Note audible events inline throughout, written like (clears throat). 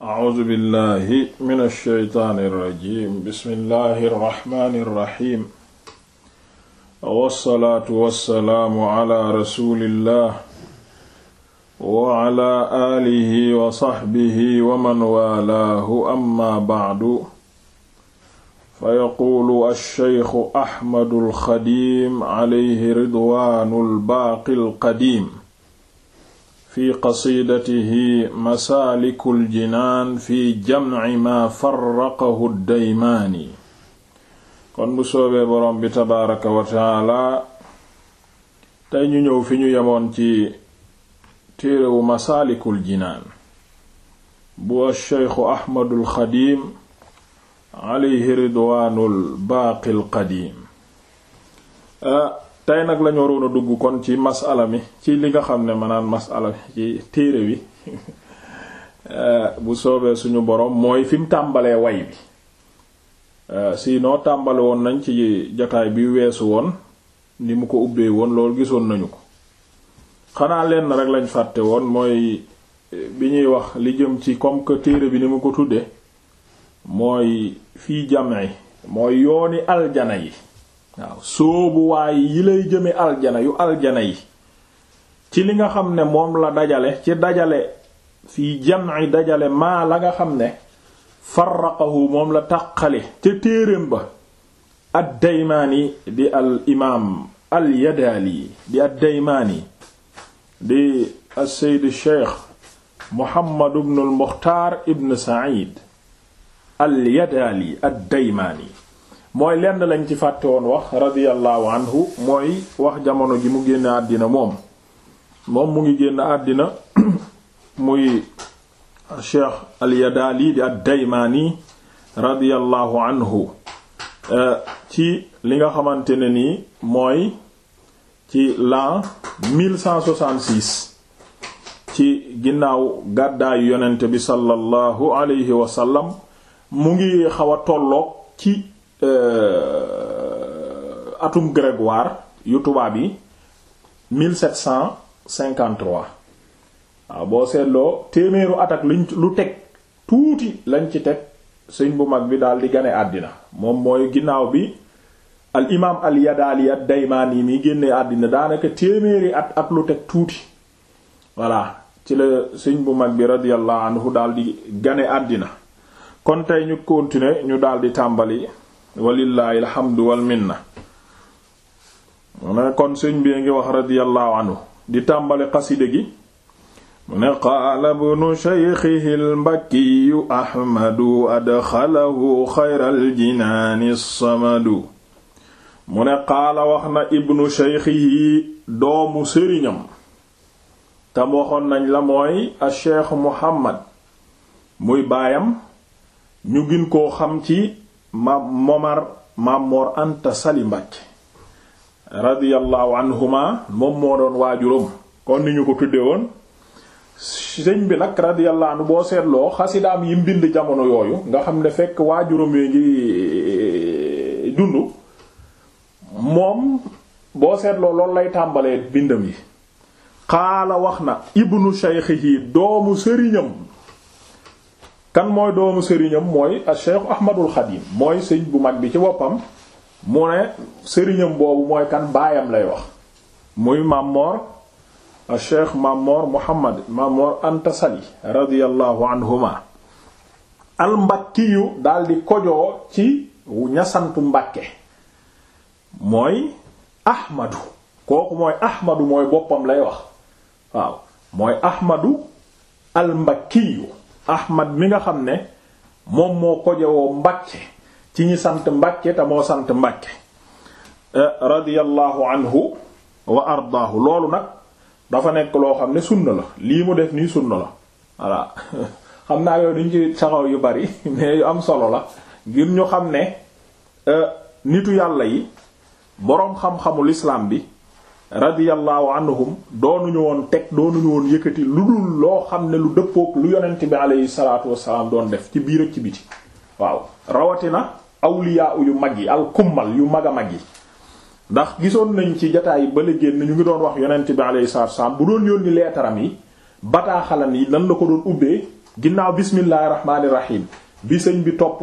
A'uuzu billahi mina shaytaani rajiim bismillahi rahmaani rahiim. Wassalaatu wassalaamu ala rasuulillah wa ala aalihi wa sahbihi wa man waalaahu amma ba'du. Fayaquulu ash-shaykhu Ahmadul Xadiim alayhi ridwaanul baaqil qadiim. fi qasidatihi masaalikul jinaan fi jamci maa farraqahu daymaani kon boroom bi tabaaraka wa taala ñu ñëw fi ñu yemoon ci téerewu masaalikul jinaan bu asheyxu ahmadul xadiim aleyhi ridwaanul baaqil qadiim a tey nag lañu waroon a dugg kon ci masala mi ci li nga xam ne manaan masala mi ci téere wi (laughs) bu soobee suñu boroom mooy fi mu tàmbalee way bi eh, sinon tàmbale woon nañ ci jotaay bi weesu woon ni mu ko ubbee woon loolu gisoon nañu ko xanaa leen na rek lañ fàtte woon mooy eh, bi ñuy wax li jëm ci comme que téere bi ni mu ko tuddee mooy fii jam'i mooy yooni aljana yi waaw sóobu waaye yi lay jëme aljana yu aljana yi ci li nga xam ne moom la dajale ci dajale fi jam'i dajale maa la nga xam ne farraqahu moom la taqale ca téereem ba ad-Daymaani di al imaam al-Yadaali di ad-Daymaani di as-Sayyid Cheikh Muhammad ibn al-Mukhtaar ibn Sa'iid al-Yadaali ad-Daymaani mooy lenn lañ ci fàtte woon wax radiyallahu anhu mooy wax jamono ji mu génn àddina moom moom mu ngi génn àddina (clears throat) muy cheikh al-Yadali di ad-Daymaani radiyallahu anhu euh, ci li nga xamante ne nii mooy ci l'an 1166 ci ginnaaw gàddaayu yonent bi sallallahu alayhi wa mu ngi xaw a tolloog ci Euh, atum grégoire yu tubaab yi 1753 waaw boo seetloo téeméeru at ak luñ lu teg tuuti lañ ci teg sëñ bu mag bi daal di gane àddina moom mooy ginnaaw bi al imaam al yadaali daymaan yi mi génne àddina daanaka téeméeri at ak lu teg tuuti voilà ci la sëñ bu mag bi radiyallahu anhu daal di gane àddina kon tey ñu continuer ñu daal di tàmbali walillahi alhamdu wal mu ne kon sëñ bi ngi wax radiyallahu anhu di tàmbali xaside gi mu ne qaala bnu shaykhihi lmbakkiyu ahmadu adxalahu xayral jinaani samadu mu ne qaala wax na ibnu shaykhihi doomu sëriñam tam waxoon nañ la mooy a cheikh muhammad muy baayam ñu gin koo xam ci maam Momar maam Mor Anta Sali Mbàkke radiyallahu anhuma moom moo doon waajuram kon ni ñu ko tudde woon sëñ bi nag radiyallahu anhu boo seetloo xasidaam yi mbind jamono yooyu nga xam ne fekk waajuram yi ngi eh, dund moom boo seetloo loolu lay tàmbalee bindam yi xaala wax na ibnu shaykhihi doomu sëriñam kan mooy doomu sëriñam mooy Cheikh Ahmadul Xadim mooy sëñ bu mag bi ci boppam mu ne sëriñam boobu mooy kan baayam lay wax muy Mamor Cheikh Mamor Muhammad Mamor Anta radiyallahu anhuma al mbakkiyu daldi kojoo ci ñasantu mbàkke mooy ahmadu kooku mooy ahmadu mooy boppam lay wax waaw mooy ahmadu al mbakkiyu ahmad mi nga xam ne moom moo kojewoo mbàkke ci ñi sant mbàkke te moo sant mbàkke eh, radiyallahu anhu wa ardaahu loolu nag dafa nekk loo xam ne sunna la lii mu def nii sunna la voilà (laughs) xam naa yow duñ ci saxaw yu bari (laughs) mais yu am solo la ngir ñu xam ne eh, nitu yàlla yi boroom xam-xamul islam bi radiyallahu anhum doonuñu woon teg doonuñu woon yëkkati lu dul loo xam ne lu dëppook lu yonent bi alayhi salaatu wassalaam doon def ci biir ak ci biti waaw rawatina awliyaa yu mag yi al kummal yu mag a mag yi ndax gisoon nañ ci jataay ba génn ñu ngi doon wax yonent bi alayhi salaatu wassalaam bu doon yónni leetaram yi bataaxalan yi lan la ko doon ubbee ginnaaw bismillahir rahmanir rahim bi sëñ bi topp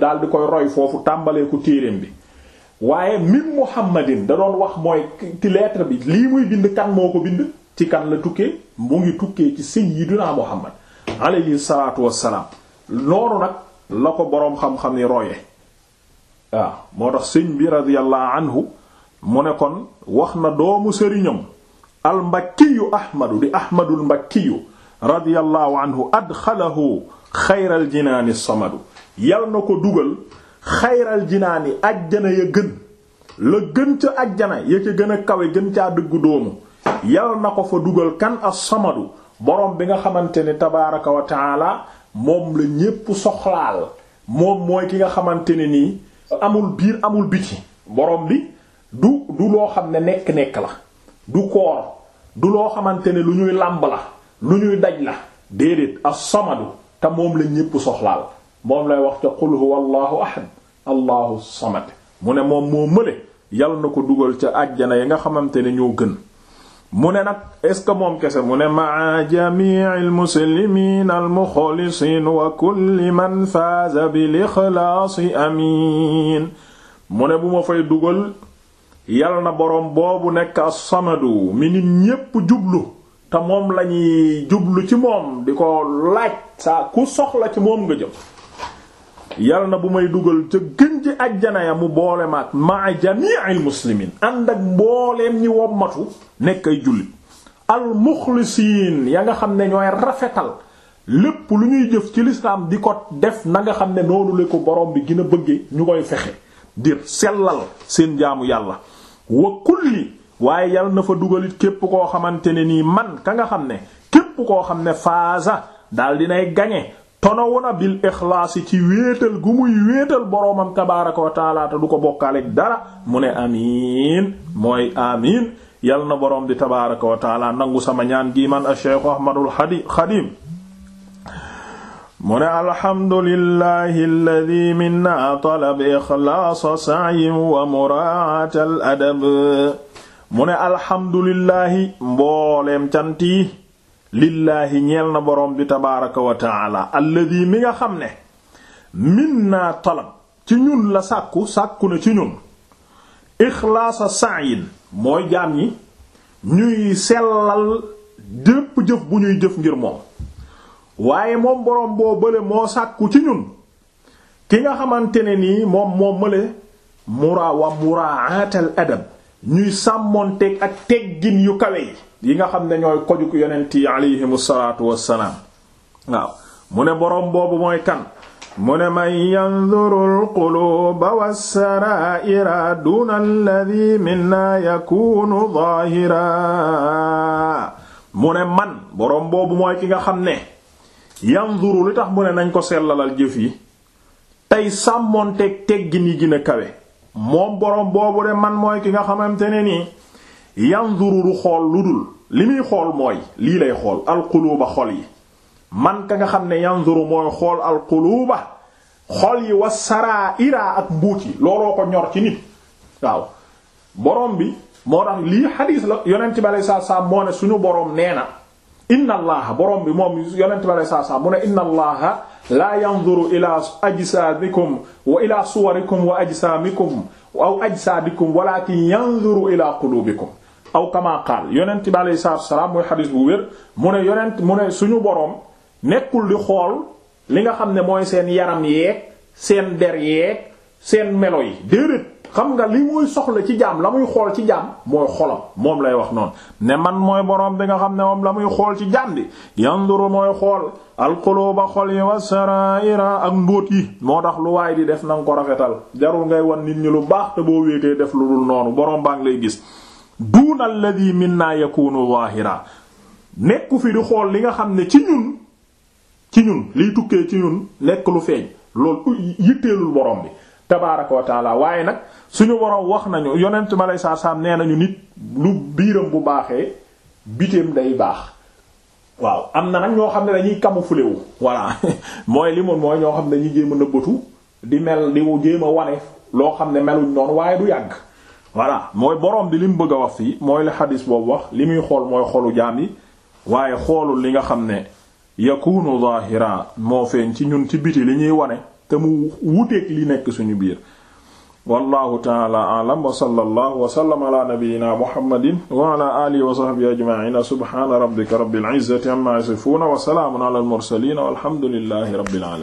daal di koy roy foofu tàmbalee ko téereem bi waaye min muhammadin da doon wax mooy ci lettre bi lii muy bind kan moo ko bind ci kan la tukkee mu ngi tukkee ci sayyidina muhammad alayhi salaatu wassalaam loolu nag la ko boroom xam-xam ni roye waaw moo tax sëñ bi radiyallahu anhu mu ne kon wax na doomu sëriñam al mbakkiyu ahmadu di ahmadul mbakkiyu radiyallahu anhu adxalahu xayral jinaani samadu yal na ko dugal xayral jinaani ajjana ya gën la gën ca ajjana ya ca gën a kawe gën caa dëggu doomu yal na ko fa dugal kan as-samadu borom bi nga xamante ni tabaaraka wa moom la ñépp soxlaal moom mooy ki nga xamante ne nii amul biir amul biti borom bi du du loo xam ne nekk-nekk la du koor du loo xamante ne lu ñuy làmb la lu ñuy daj la déedéet as-samadu te moom la ñépp soxlaal moom lay wax ca qul huwa allahu ahad allahu samad mu ne moom moo mële yal na ko dugal ca àjjana yi nga xamante ne ñoo gën mu ne nag est ce que moom kese mu ne maa jamiil muslimiin almuxlisiin wa kulli man faaza bi ixlaasi amiin mu ne bu ma fay dugal yal na boroom boobu nekk as-samadu nit ñépp jublu te moom lañuy jublu ci moom di ko laaj saa ku soxla ci moom nga jëm yal na bu may dugal ca gën ci ajjana ya mu boole maak maa jami'il muslimin ànd ak mbooleem ñi wommatu nekk ay jullit al muxlisiin ya nga xam ne ñooy rafetal lépp lu ñuy jëf ci lislaam di ko def na nga xam ne noonu la ko borom bi gën a bëggee ñu koy fexe dir sellal seen jaamu yàlla wa kulli waaye yal na fa dugalit képp koo xamante ne nii man ka nga xam ne képp koo xam ne faasa daal dinay gañe tonawuna bil ixlaasi ci wéetal gu muy wéetal boroomam tabaaraka wa taala te du ko bokkaaleeg dara mu ne amiin mooy amiin yal na boroom di tabaaraka wa nangu sama ñaan gi man a Cheikh Ahmadul Xadim mu alhamdulillahi alhamdulillahi mbooleem cant lillaahi ñeel na borom bi tabaaraka wa taala mi nga xam ne minna talab ci ñun la sàkku sàkku na ci ñun ixlaasa sa'yin mooy jaam yi ñuy sellal dépp jëf bu ñuy jëf ngir moom waaye moom boroom boo bële moo sàkku ci ñun ki nga xamante ne nii moom moo mële mura wa muraatal adab ñuy sàmmoonteeg ak teggin yu kawe yi yi nga xam ne ñooy kojuk yonent yi aleyhimu salaatu wassalaam waaw mu ne boroom boobu mooy kan mu ne man yanzurul quluuba wassaraa'ira duna alladhi man boroom boobu ki nga xam ne yanzuru lu tax mu ne nañ ko sellalal jëf yi tey sàmmoonteeg teggin yi gën kawe moom boroom boobu de man mooy ki nga xamante ne yanzuru du xool lu dul li muy xool mooy lii lay xool alquluuba xool yi man ka nga xam ne yanzuru mooy xool alquluuba xol yi wa saraa ira ak buuti yi looloo ko ñor ci nit borom bi moo tax lii xadiis la yonent bi alayhi moo ne suñu borom nee na inna allaha borom bi moom yonent bi alayhi salaatu salaam mu ne inna allaha laa yanzuru ila ajsaadikum wa ila suwarikum wa ajsaamikum aw ajsaadikum walaakin yanzuru ila quluubikum aw kamaa qaal yonent bi alayhi salaatu wa salaam muy xadis bu wér mu ne yonent mu ne suñu boroom nekkul di xool li nga xam ne mooy seen yaram yeeg seen der yeeg seen melo yi déedéet xam nga li muy soxla ci jaam la muy xool ci jaam mooy xolam moom lay wax noonu ne man mooy boroom bi nga xam ne moom la muy xool ci jaam bi yanduru mooy xool ba xol yi wa saraira ak mbóot yi moo tax lu waay di def na nga ko rafetal jarul ngay wan nit ñi lu baax te boo wéetee def lu dul noonu ngi lay gis duuna alladi minna yakunu zahira nekku fi di xool li nga xam ne ci ñun ci ñun liy tukkee ci ñun nekk lu feeñ loolu yitteelul borom bi tabaaraka wa waaye nag suñu borom wax nañu yonent ma lay saa saam nee nañu nit lu biiram bu baaxee biteem day baax waaw am na nag ñoo xam ne dañuy camoufler wu voilà (laughs) mooy li moom mooy ñoo xam ne dañuy jéem a nëbbatu di mel di jéem a wane loo xam ne meluñ noonu waaye du yàgg voilà mooy borom bi li mu bëgg a wax fii mooy li xadis boobu wax li muy xool mooy xolu jaam yi waaye xoolul li nga xam ne yakunu zahira moo feeñ ci ñun ci biti li ñuy wane te mu wuteeg li nekk suñu biir wallahu taala alam wa sallallahu wa sallama ala nabiyyina muhammadin wa ala alihi wa sahbihi ajma'in subhana rabbika rabbil izzati amma yasifun wa salamun ala al mursalin walhamdulillahi rabbil alamin